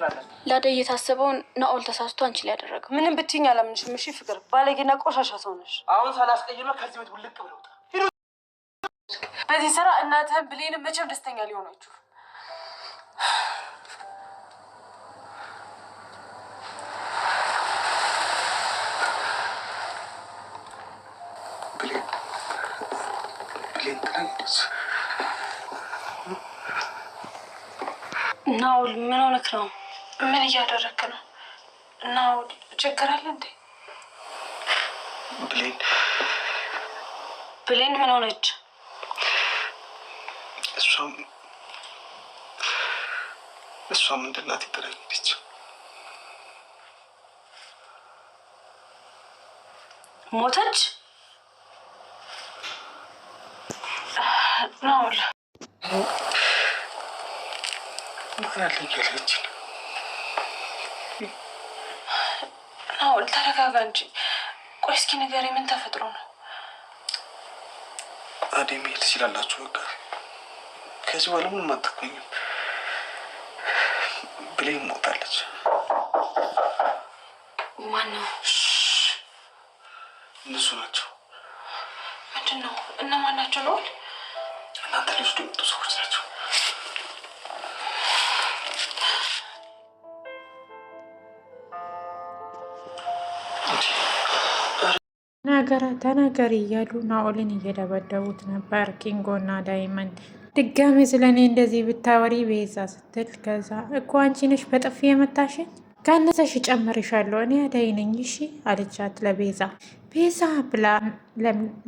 እንሞክራለን። ለአደይ የታሰበውን ናኦል ተሳስቶ አንቺ ላይ ያደረገው ምንም ብትይኝ አላምንሽም። እሺ ፍቅር፣ ባለጌና ቆሻሻ ሰው ነሽ። አሁን ሳላስቀይመ ከዚህ ቤት ውልቅ ብለው በዚህ ስራ እናትህን ብሌንም መቼም ደስተኛ ሊሆናችሁ ናኦል ምን ሆነክ ነው? ምን እያደረክ ነው? እና ችግር አለ እንዴ? ብሌን ብሌን ምን ሆነች? እሷም እሷ ምንድን ናት የተረገደች? ሞተች ነው ምክንያት ላይ አሁን ተረጋጋ እንጂ። ቆይ እስኪ ንገሪ፣ ምን ተፈጥሮ ነው? አዴ መሄድ ትችላላችሁ። በቃ ከዚህ በኋላ ምንም አታቆኝም። ብሌን ሞታለች። ማነው? እነሱ ናቸው። ምንድን ነው? እነማን ናቸው? ነውል እናንተ ልጅ ደምጡ ሰዎች ናቸው። ተናገረ ተናገሪ እያሉ ናኦልን እየደበደቡት ነበር። ኪንጎ እና ዳይመንድ ድጋሜ ስለ እኔ እንደዚህ ብታወሪ ቤዛ ስትል፣ ከዛ እኮ አንቺ ነሽ በጥፊ የመታሽኝ ካነሰሽ እጨምርሻለሁ እኔ አዳይ ነኝ እሺ አለቻት ለቤዛ ቤዛ ብላ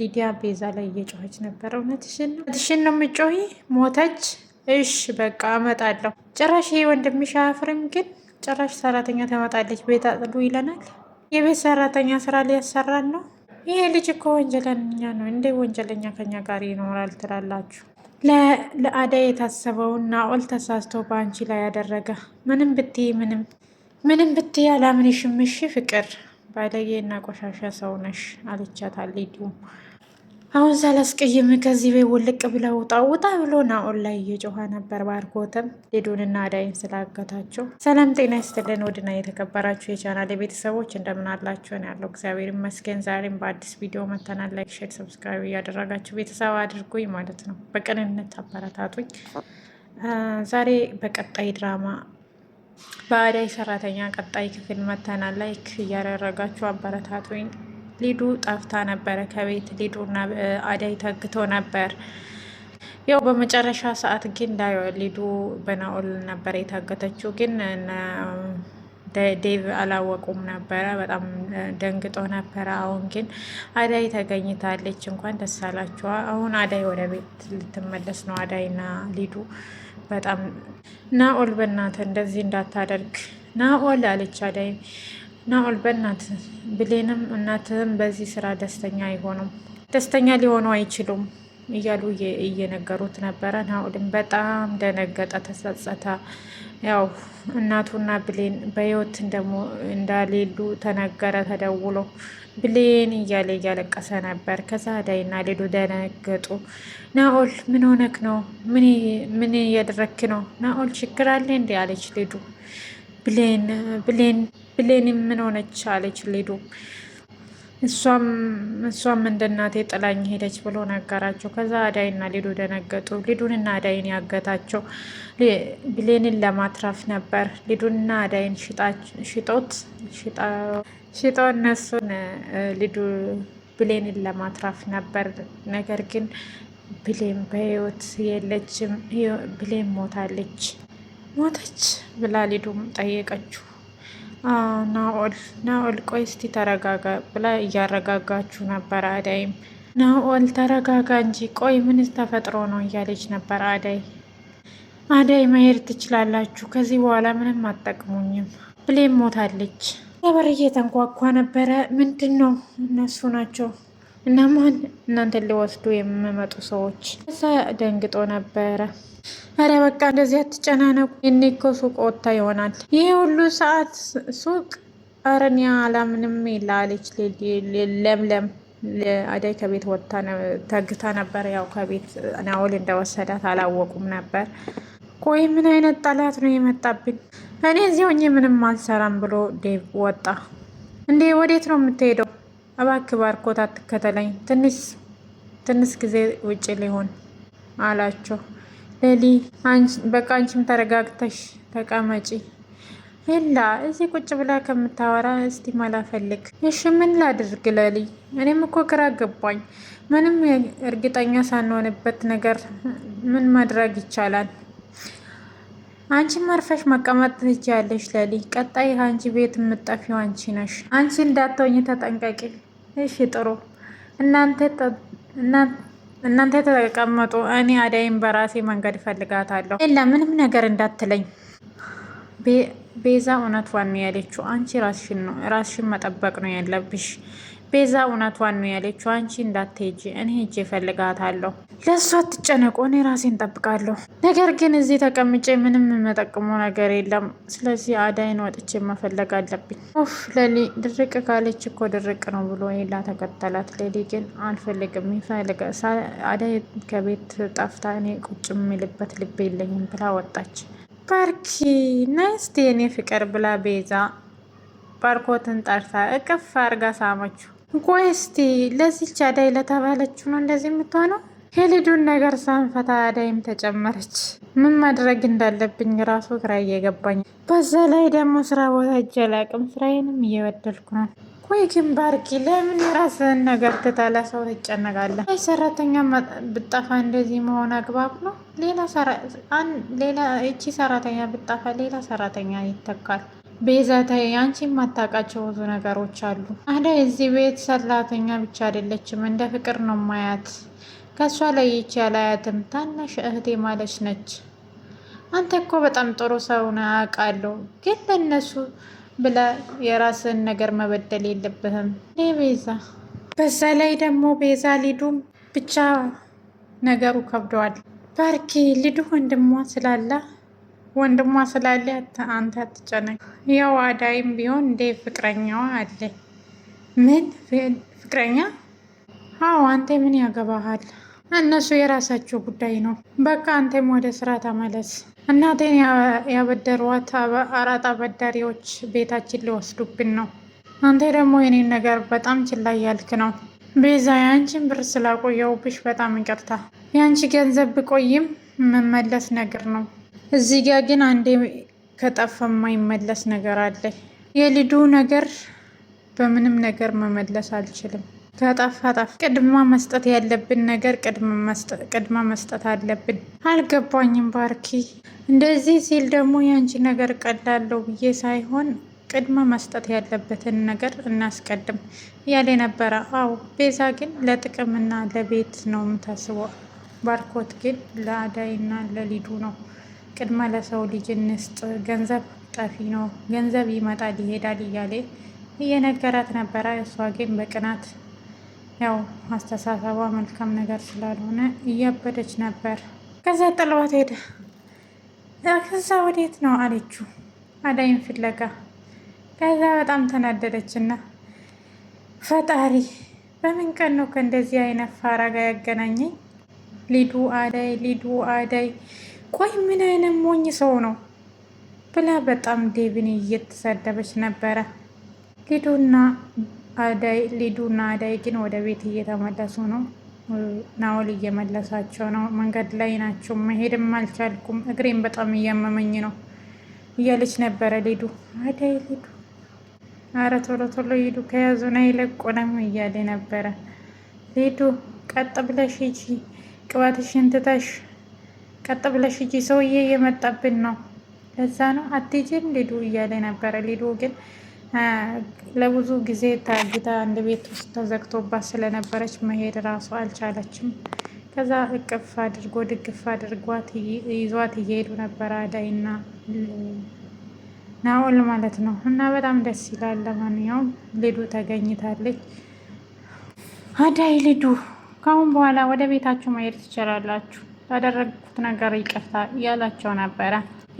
ሊዲያ ቤዛ ላይ እየጮኸች ነበር። እውነትሽን ነው የምጮሂ? ሞተች እሽ በቃ እመጣለሁ። ጭራሽ ይሄ ወንድምሽ አያፍርም ግን ጭራሽ ሰራተኛ ትመጣለች ቤት አጥሉ ይለናል። የቤት ሰራተኛ ስራ ሊያሰራን ነው። ይሄ ልጅ እኮ ወንጀለኛ ነው እንዴ? ወንጀለኛ ከኛ ጋር ይኖራል ትላላችሁ? ለአደይ የታሰበውን ናኦል ተሳስቶ በአንቺ ላይ ያደረገ ምንም ብት ምንም ምንም ብት አላምንሽም። እሺ ፍቅር እና ቆሻሻ ሰው ነሽ አለቻት አሁን ሳላስቀይም ከዚህ ቤት ውልቅ ብለው ውጣ ውጣ ብሎ ናኦል ላይ እየጮኸ ነበር። ባርኮትም ሊዱንና አዳይን ስላገታቸው። ሰላም ጤና ይስጥልን ውድና የተከበራችሁ የቻናል ቤተሰቦች እንደምን አላችሁን? ያለው እግዚአብሔር ይመስገን። ዛሬም በአዲስ ቪዲዮ መተናል። ላይክ፣ ሼር፣ ሰብስክራይብ እያደረጋችሁ ቤተሰብ አድርጉኝ ማለት ነው። በቅንነት አበረታቱኝ። ዛሬ በቀጣይ ድራማ በአዳይ ሰራተኛ ቀጣይ ክፍል መተናል። ላይክ እያደረጋችሁ አበረታቱኝ። ሊዱ ጠፍታ ነበረ ከቤት ሊዱ አዳይ ተግቶ ነበር። ያው በመጨረሻ ሰዓት ግን ሊዱ በናኦል ነበረ የታገተችው፣ ግን ዴቭ አላወቁም ነበረ። በጣም ደንግጦ ነበረ። አሁን ግን አዳይ ተገኝታለች። እንኳን ደስ አላችኋ። አሁን አዳይ ወደ ቤት ልትመለስ ነው። አዳይና ሊዱ በጣም ናኦል፣ በእናትህ እንደዚህ እንዳታደርግ ናኦል አለች አዳይ ናኦል በእናት ብሌንም እናትህም በዚህ ስራ ደስተኛ አይሆኑም ደስተኛ ሊሆኑ አይችሉም እያሉ እየነገሩት ነበረ። ናኦልም በጣም ደነገጠ፣ ተጸጸተ። ያው እናቱና ብሌን በህይወት ደግሞ እንዳሌሉ ተነገረ ተደውሎ ብሌን እያለ እያለቀሰ ነበር። ከዛ አዳይና ሌሉ ደነገጡ። ናኦል ምን ሆነክ ነው? ምን እያደረክ ነው? ናኦል ችግር አለ እንዲ አለች ሌዱ። ብሌን ብሌን ብሌን ምን ሆነች አለች ሊዱ። እሷም እሷም እንደ እናቴ ጥላኝ ሄደች ብሎ ነገራቸው። ከዛ አዳይና ሊዱ ደነገጡ። ሊዱንና አዳይን ያገታቸው ብሌንን ለማትረፍ ነበር። ሊዱንና አዳይን ሽጦት ሽጦ እነሱን ሊዱ ብሌንን ለማትረፍ ነበር። ነገር ግን ብሌን በህይወት የለችም። ብሌን ሞታለች። ሞተች ብላ ሊዱም ጠየቀችው። ናኦል ናኦል ቆይ እስቲ ተረጋጋ ብላ እያረጋጋችሁ ነበር። አዳይም ናኦል ተረጋጋ እንጂ ቆይ ምን ተፈጥሮ ነው እያለች ነበር። አዳይ አዳይ መሄድ ትችላላችሁ፣ ከዚህ በኋላ ምንም አትጠቅሙኝም። ብሌም ሞታለች። በር እየተንኳኳ ነበረ። ምንድን ነው እነሱ ናቸው እናም እናንተ ሊወስዱ የሚመጡ ሰዎች እዛ ደንግጦ ነበረ። አረ በቃ እንደዚህ አትጨናነቁ፣ እኔ እኮ ሱቅ ወታ ይሆናል ይህ ሁሉ ሰዓት ሱቅ አረን አላምንም ይላለች ለምለም አደይ ከቤት ወጥታ ተግታ ነበር። ያው ከቤት ናውል እንደወሰዳት አላወቁም ነበር። ቆይ ምን አይነት ጠላት ነው የመጣብኝ? እኔ እዚህ ሆኜ ምንም አልሰራም ብሎ ዴቭ ወጣ። እንዴ ወዴት ነው የምትሄደው? እባክህ ባርኮት አትከተለኝ፣ ትንሽ ትንሽ ጊዜ ውጭ ሊሆን አላቸው። ሌሊ በቃ አንቺም ተረጋግተሽ ተቀመጪ ሄላ እዚህ ቁጭ ብላ ከምታወራ እስቲ መላ ፈልግ። እሺ ምን ላድርግ ለሊ? እኔም እኮ ግራ ገባኝ። ምንም እርግጠኛ ሳንሆንበት ነገር ምን ማድረግ ይቻላል? አንቺም አርፈሽ መቀመጥ ትችያለሽ ለሊ። ቀጣይ አንቺ ቤት የምጠፊው አንቺ ነሽ። አንቺ እንዳትሆኝ ተጠንቀቂ። እሺ ጥሩ እናንተ ተቀመጡ፣ እኔ አዳይም በራሴ መንገድ እፈልጋታለሁ። ሌላ ምንም ነገር እንዳትለኝ። ቤዛ እውነቷን ነው ያለችው። አንቺ ራስሽን መጠበቅ ነው ያለብሽ። ቤዛ እውነቷን ነው ያለችው። አንቺ እንዳትሄጂ እኔ ሄጄ እፈልጋታለሁ። ለእሷ አትጨነቁ፣ እኔ ራሴን እንጠብቃለሁ። ነገር ግን እዚህ ተቀምጬ ምንም የምጠቅሙ ነገር የለም። ስለዚህ አዳይን ወጥቼ መፈለግ አለብኝ። ኡፍ ሌሊ ድርቅ ካለች እኮ ድርቅ ነው ብሎ ሄላ ተከተላት። ሌሊ ግን አልፈልግም፣ ይፈልገ አዳይ ከቤት ጠፍታ እኔ ቁጭ የሚልበት ልብ የለኝም ብላ ወጣች። ባርኪ ናይስቲ የኔ ፍቅር ብላ ቤዛ ባርኮትን ጠርታ እቅፍ አርጋ ሳመችው። ቆይ እስቲ ለዚች አዳይ ለተባለችው ነው እንደዚህ የምትሆነው? የልጁን ነገር ሳንፈታ አዳይም ተጨመረች። ምን ማድረግ እንዳለብኝ ራሱ ግራ እየገባኝ፣ በዛ ላይ ደግሞ ስራ ቦታ እጅ አላቅም፣ ስራዬንም እየበደልኩ ነው። ቆይ ግን ባርኪ ለምን የራስህን ነገር ትታለ ሰው ትጨነቃለህ? ይ ሰራተኛ ብጠፋ እንደዚህ መሆን አግባብ ነው? ሌላ እቺ ሰራተኛ ብጠፋ ሌላ ሰራተኛ ይተካል። ቤዛ አንቺ የማታውቃቸው ብዙ ነገሮች አሉ። አደይ እዚህ ቤት ሰራተኛ ብቻ አይደለችም፣ እንደ ፍቅር ነው ማያት። ከእሷ ለይቼ አላያትም። ታናሽ እህቴ ማለች ነች። አንተ እኮ በጣም ጥሩ ሰው ነህ አውቃለሁ፣ ግን ለእነሱ ብለ የራስን ነገር መበደል የለብህም ቤዛ። በዛ ላይ ደግሞ ቤዛ ሊዱም ብቻ ነገሩ ከብደዋል። ባርኪ ሊዱ ወንድሟ ስላላ ወንድሟ ስላለ አንተ አትጨነቅ። ያው አዳይም ቢሆን እንደ ፍቅረኛዋ አለ። ምን ፍቅረኛ? አዎ፣ አንተ ምን ያገባሃል? እነሱ የራሳቸው ጉዳይ ነው። በቃ አንተም ወደ ስራ ተመለስ። እናቴን ያበደሯት አራት አበዳሪዎች ቤታችን ሊወስዱብን ነው። አንተ ደግሞ የኔን ነገር በጣም ችላ ያልክ ነው። ቤዛ፣ የአንቺን ብር ስላቆየውብሽ በጣም ይቅርታ። የአንቺ ገንዘብ ብቆይም መመለስ ነገር ነው እዚህ ጋ ግን አንዴ ከጠፋ የማይመለስ ነገር አለ። የልዱ ነገር በምንም ነገር መመለስ አልችልም። ከጠፋ ጣፍ ቅድማ መስጠት ያለብን ነገር ቅድማ መስጠት አለብን። አልገባኝም ባርኪ። እንደዚህ ሲል ደግሞ የአንቺ ነገር ቀላለው ብዬ ሳይሆን ቅድመ መስጠት ያለበትን ነገር እናስቀድም ያለ ነበረ። አው ቤዛ ግን ለጥቅምና ለቤት ነው የምታስበው። ባርኮት ግን ለአዳይና ለሊዱ ነው ቅድመ ለሰው ልጅ እንስጥ፣ ገንዘብ ጠፊ ነው፣ ገንዘብ ይመጣል ይሄዳል እያለ እየነገራት ነበረ። እሷ ግን በቅናት ያው አስተሳሰቧ መልካም ነገር ስላልሆነ እያበደች ነበር። ከዛ ጥለዋት ሄደ። ከዛ ወዴት ነው አለችው አዳይን ፍለጋ። ከዛ በጣም ተናደደች ና ፈጣሪ በምን ቀን ነው ከእንደዚህ አይነት ፋራ ጋር ያገናኘኝ? ሊዱ አዳይ፣ ሊዱ አዳይ ቆይ ምን አይነት ሞኝ ሰው ነው ብላ በጣም ዴቪን እየተሳደበች ነበረ። ሊዱና አዳይ ሊዱና አዳይ ግን ወደ ቤት እየተመለሱ ነው። ናወል እየመለሳቸው ነው። መንገድ ላይ ናቸው። መሄድም አልቻልኩም፣ እግሬም በጣም እያመመኝ ነው እያለች ነበረ ሊዱ። አዳይ ሊዱ አረ ቶሎ ቶሎ ሂዱ ከያዙን አይለቁንም እያለ ነበረ ሊዱ። ቀጥ ብለሽ ሂጂ ቅባትሽን ትተሽ ቀጥ ብለሽ ሂጂ፣ ሰውዬ እየመጣብን ነው። ለዛ ነው አትሄጂም ሊዱ እያለ ነበረ። ሊዱ ግን ለብዙ ጊዜ ታግታ አንድ ቤት ውስጥ ተዘግቶባት ስለነበረች መሄድ ራሱ አልቻለችም። ከዛ እቅፍ አድርጎ ድግፍ አድርጓት ይዟት እየሄዱ ነበረ አዳይና ናኦል ማለት ነው። እና በጣም ደስ ይላል። ለማንኛውም ሊዱ ተገኝታለች። አዳይ ሊዱ ከአሁን በኋላ ወደ ቤታችሁ መሄድ ትችላላችሁ። ያደረግኩት ነገር ይቅርታ እያላቸው ነበረ።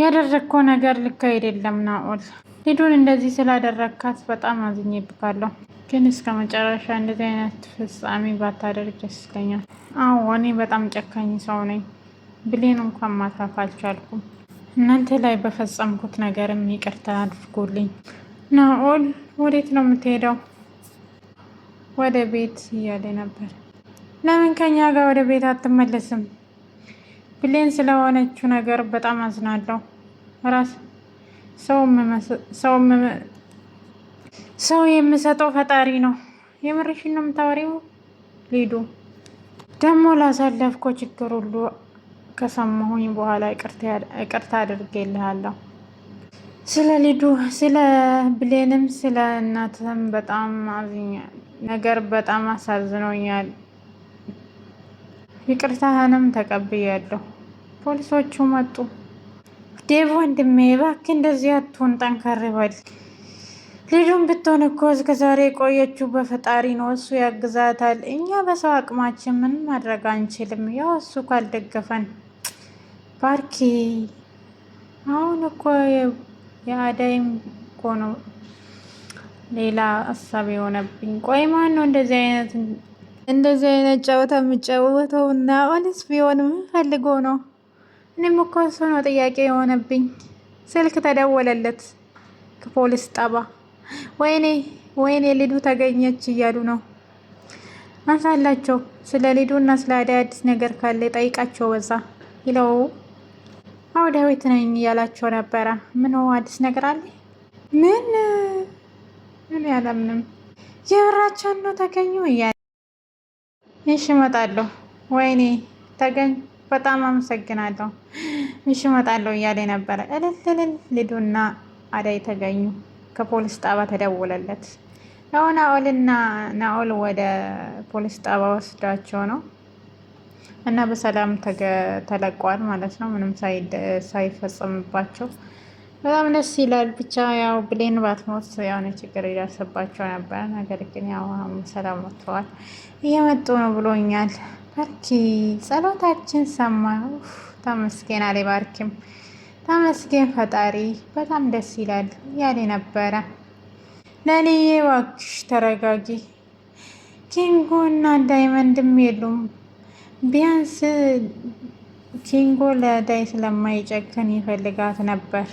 ያደረግከው ነገር ልክ አይደለም ናኦል፣ ሊዱን እንደዚህ ስላደረግካት በጣም አዝኜብካለሁ። ግን እስከ መጨረሻ እንደዚህ አይነት ፍጻሜ ባታደርግ ደስ ይለኛል። አዎ እኔ በጣም ጨካኝ ሰው ነኝ። ብሌን እንኳን ማትረፍ አልቻልኩም። እናንተ ላይ በፈጸምኩት ነገርም ይቅርታ አድርጎልኝ። ናኦል ወዴት ነው የምትሄደው? ወደ ቤት እያለ ነበር። ለምን ከኛ ጋር ወደ ቤት አትመለስም? ብሌን ስለሆነችው ነገር በጣም አዝናለሁ። ራስ ሰው የምሰጠው ፈጣሪ ነው። የምርሽ ነው የምታወሪው? ሊዱ ደግሞ ላሳለፍኮ ችግር ሁሉ ከሰማሁኝ በኋላ ይቅርታ አድርጌልሃለሁ። ስለ ሊዱ ስለ ብሌንም ስለ እናትም በጣም አዝኛል። ነገር በጣም አሳዝኖኛል። ይቅርታህንም ተቀብያለሁ። ፖሊሶቹ መጡ። ዴቭ ወንድሜ እባክህ እንደዚህ አትሁን፣ ጠንከር በል። ልጁም ብትሆን እኮ እስከ ዛሬ የቆየችው በፈጣሪ ነው። እሱ ያግዛታል። እኛ በሰው አቅማችን ምን ማድረግ አንችልም። ያው እሱ ካልደገፈን ባርኪ አሁን እኮ የአዳይም እኮ ነው ሌላ ሀሳብ የሆነብኝ። ቆይ ማን ነው እንደዚህ አይነት እንደዚህ አይነት ጨዋታ የምጨውተው? እና ኦንስ ቢሆን ምን ፈልጎ ነው? እኔም እኮ እሱ ነው ጥያቄ የሆነብኝ። ስልክ ተደወለለት ከፖሊስ ጣባ። ወይኔ ወይኔ ሊዱ ተገኘች እያሉ ነው። አንሳላቸው ስለ ሊዱ እና ስለ አዳይ አዲስ ነገር ካለ ጠይቃቸው በዛ ይለው አውዳዊት ነኝ እያላቸው ነበረ። ምን አዲስ ነገር አለ? ምን ምን ያለምንም የብራቸው ነው ተገኙ እያለ እሺ እመጣለሁ። ወይኔ ተገኝ በጣም አመሰግናለሁ፣ እሺ እመጣለሁ እያለ ነበረ። እልል እልል ልዱና አዳይ ተገኙ። ከፖሊስ ጣባ ተደወለለት። ያው ናኦልና ናኦል ወደ ፖሊስ ጣባ ወስዳቸው ነው እና በሰላም ተለቋል ማለት ነው፣ ምንም ሳይፈጸምባቸው በጣም ደስ ይላል። ብቻ ያው ብሌን ባትሞት የሆነ ችግር ይደርስባቸው ነበር። ነገር ግን ያው ሰላም ወጥተዋል፣ እየመጡ ነው ብሎኛል። ባርኪ ጸሎታችን ሰማ። ተመስገን አለ ባርኪም ተመስገን ፈጣሪ በጣም ደስ ይላል ያለ ነበረ። ለኔዬ፣ እባክሽ ተረጋጊ። ኪንጎ እና ዳይመንድም የሉም። ቢያንስ ኪንጎ ለዳይ ስለማይጨክን ይፈልጋት ነበር።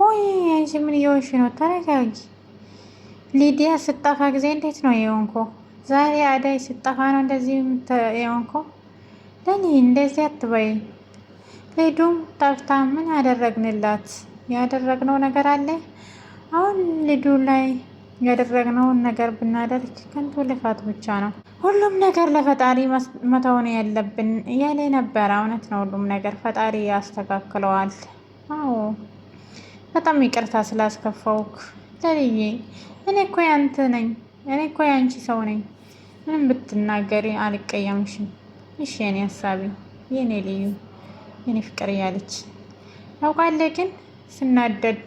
ሆይ አንቺ ምን ነው? ተረጋጊ። ሊዲያ ስጠፋ ጊዜ እንዴት ነው የሆንኮ? ዛሬ አዳይ ስጠፋ ነው እንደዚህ የምትሆንከው። ለኔ እንደዚህ አትበይ። ሊዱም ጠፍታ ምን ያደረግንላት? ያደረግነው ነገር አለ። አሁን ልዱ ላይ ያደረግነውን ነገር ብናደርግ ከንቱ ልፋት ብቻ ነው። ሁሉም ነገር ለፈጣሪ መተውን ያለብን እያለ ነበረ። እውነት ነው። ሁሉም ነገር ፈጣሪ ያስተካክለዋል። አዎ በጣም ይቅርታ ስላስከፋውክ ለልዬ። እኔ እኮ ያንተ ነኝ። እኔ እኮ ያንቺ ሰው ነኝ። ምንም ብትናገሪ አልቀየምሽም። እሺ የኔ ሀሳቢ፣ የኔ ልዩ፣ የኔ ፍቅር እያለች ያውቃለህ። ግን ስናደድ፣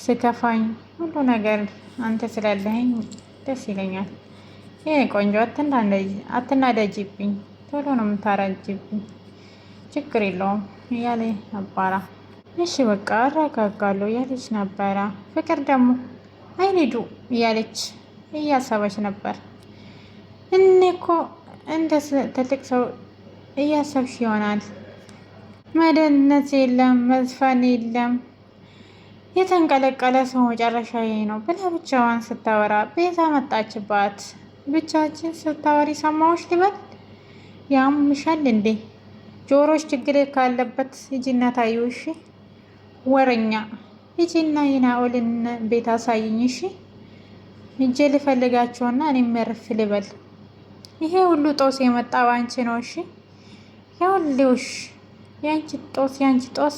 ስከፋኝ፣ ሁሉ ነገር አንተ ስላለኸኝ ደስ ይለኛል። የኔ ቆንጆ አትናደጅብኝ፣ ቶሎ ነው የምታረጅብኝ። ችግር የለውም እያለ ነባራ እሺ በቃ አረጋጋለሁ እያለች ነበረ። ፍቅር ደግሞ አይንዱ እያለች እያሰበች ነበር። እኔ እኮ እንደ ትልቅ ሰው እያሰብሽ ይሆናል። መደነት የለም መዝፈን የለም የተንቀለቀለ ሰው መጨረሻ ነው ብላ ብቻዋን ስታወራ ቤዛ መጣችባት። ብቻችን ስታወሪ ሰማዎች ልበል ያምሻል እንዴ? ጆሮች ችግር ካለበት ሂጂና ታዩ። እሺ ወረኛ ሂጂና ይናኦልን ቤት አሳይኝ እሺ። ሂጄ ልፈልጋቸውና እኔም መርፍ ልበል። ይሄ ሁሉ ጦስ የመጣ አንቺ ነው። እሺ ያውልሽ፣ የአንቺ ጦስ የአንቺ ጦስ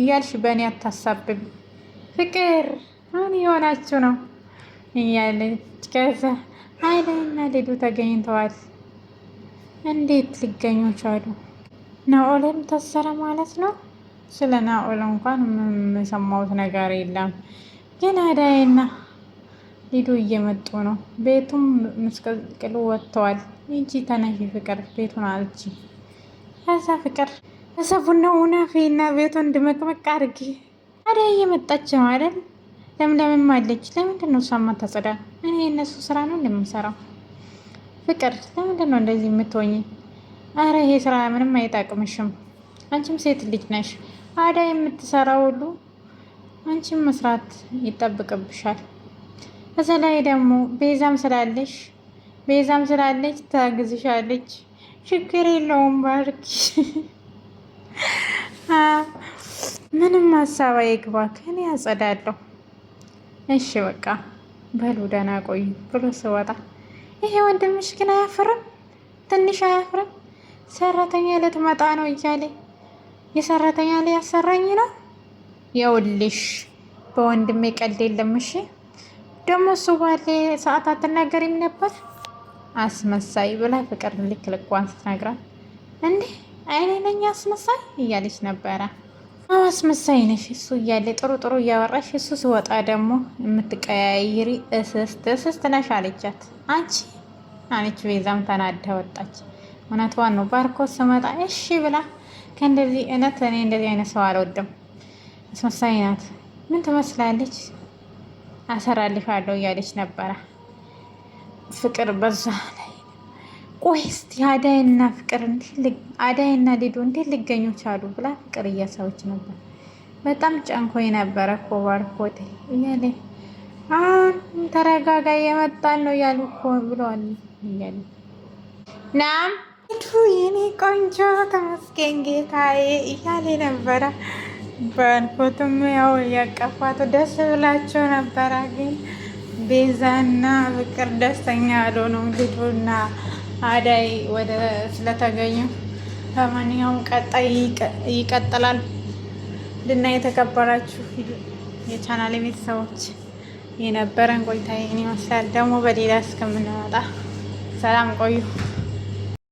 እያልሽ በእኔ አታሳብም። ፍቅር ምን የሆናችሁ ነው እያለች ከዛ ሀይልና ሌሉ ተገኝተዋል። እንዴት ሊገኙ ቻሉ? ናኦልም ታሰረ ማለት ነው። ስለ ናኦል እንኳን የምሰማሁት ነገር የለም ግን አዳይና ሊዱ እየመጡ ነው። ቤቱም ምስቅልቅሉ ወጥተዋል። ይቺ ተነሽ ፍቅር ቤቱን አልቺ ያዛ ፍቅር እሰቡና ውናፌና ቤቱን እንድመቅመቅ አድርጊ። አደይ እየመጣች ነው አይደል? ለምለምም አለች። ለምንድን ነው እሷማ ታጸዳ? እኔ የእነሱ ስራ ነው እንደምሰራው። ፍቅር ለምንድን ነው እንደዚህ የምትሆኝ? አረ ይሄ ስራ ምንም አይጣቅምሽም። አንቺም ሴት ልጅ ነሽ። አደይ የምትሰራ ሁሉ አንቺም መስራት ይጠብቅብሻል። እዛ ላይ ደግሞ ቤዛም ስላለሽ ቤዛም ስላለች ታግዝሻለች፣ ችግር የለውም ባርኪ ምንም ሀሳብ አይግባ ከኔ ያጸዳለሁ። እሺ በቃ በሉ ደህና ቆዩ ብሎ ስወጣ ይሄ ወንድምሽ ግን አያፍርም፣ ትንሽ አያፍርም። ሰራተኛ ልትመጣ ነው እያለ የሰራተኛ ላይ ያሰራኝ ነው። የውልሽ በወንድሜ ቀልድ የለም እሺ ደግሞ እሱ ባለ ሰዓት አትናገሪም ነበር አስመሳይ ብላ ፍቅር ልክ ልኳን ስትነግራት እንዴ አይኔ ነኝ አስመሳይ እያለች ነበረ። አዎ አስመሳይ ነሽ፣ እሱ እያለ ጥሩ ጥሩ እያወራሽ እሱ ሲወጣ ደግሞ የምትቀያይሪ እስስት እስስት ነሽ አለቻት። አንቺ አለች ቤዛም ተናዳ ወጣች። እውነቷን ነው። ባርኮ ስመጣ እሺ ብላ ከእንደዚህ እነት እኔ እንደዚህ አይነት ሰው አልወድም። አስመሳይ ናት። ምን ትመስላለች አሰራልሻለሁ እያለች ነበረ ፍቅር በዛ ላይ። ቆይ እስቲ አዳይና ፍቅር አዳይና ሊዱ እንዴት ሊገኙች አሉ ብላ ፍቅር እያሳዎች ነበር። በጣም ጨንኮ ነበረ እኮ ባርኮቴ እያለ አሁን ተረጋጋ የመጣን ነው ያሉ እኮ ብለዋል እያለ ናም ቱ የኔ ቆንጆ ተመስገን ጌታዬ እያለ ነበረ ባልኮትም ያው ያቀፋት ደስ ብላቸው ነበረ። ግን ቤዛና ፍቅር ደስተኛ አልሆነው ልጁና አዳይ ወደ ስለተገኙ ለማንኛውም ቀጣይ ይቀጥላል። ድና የተከበራችሁ የቻናል ቤተሰቦች የነበረን ቆይታ ይህን ይመስላል። ደግሞ በሌላ እስከምንመጣ ሰላም ቆዩ።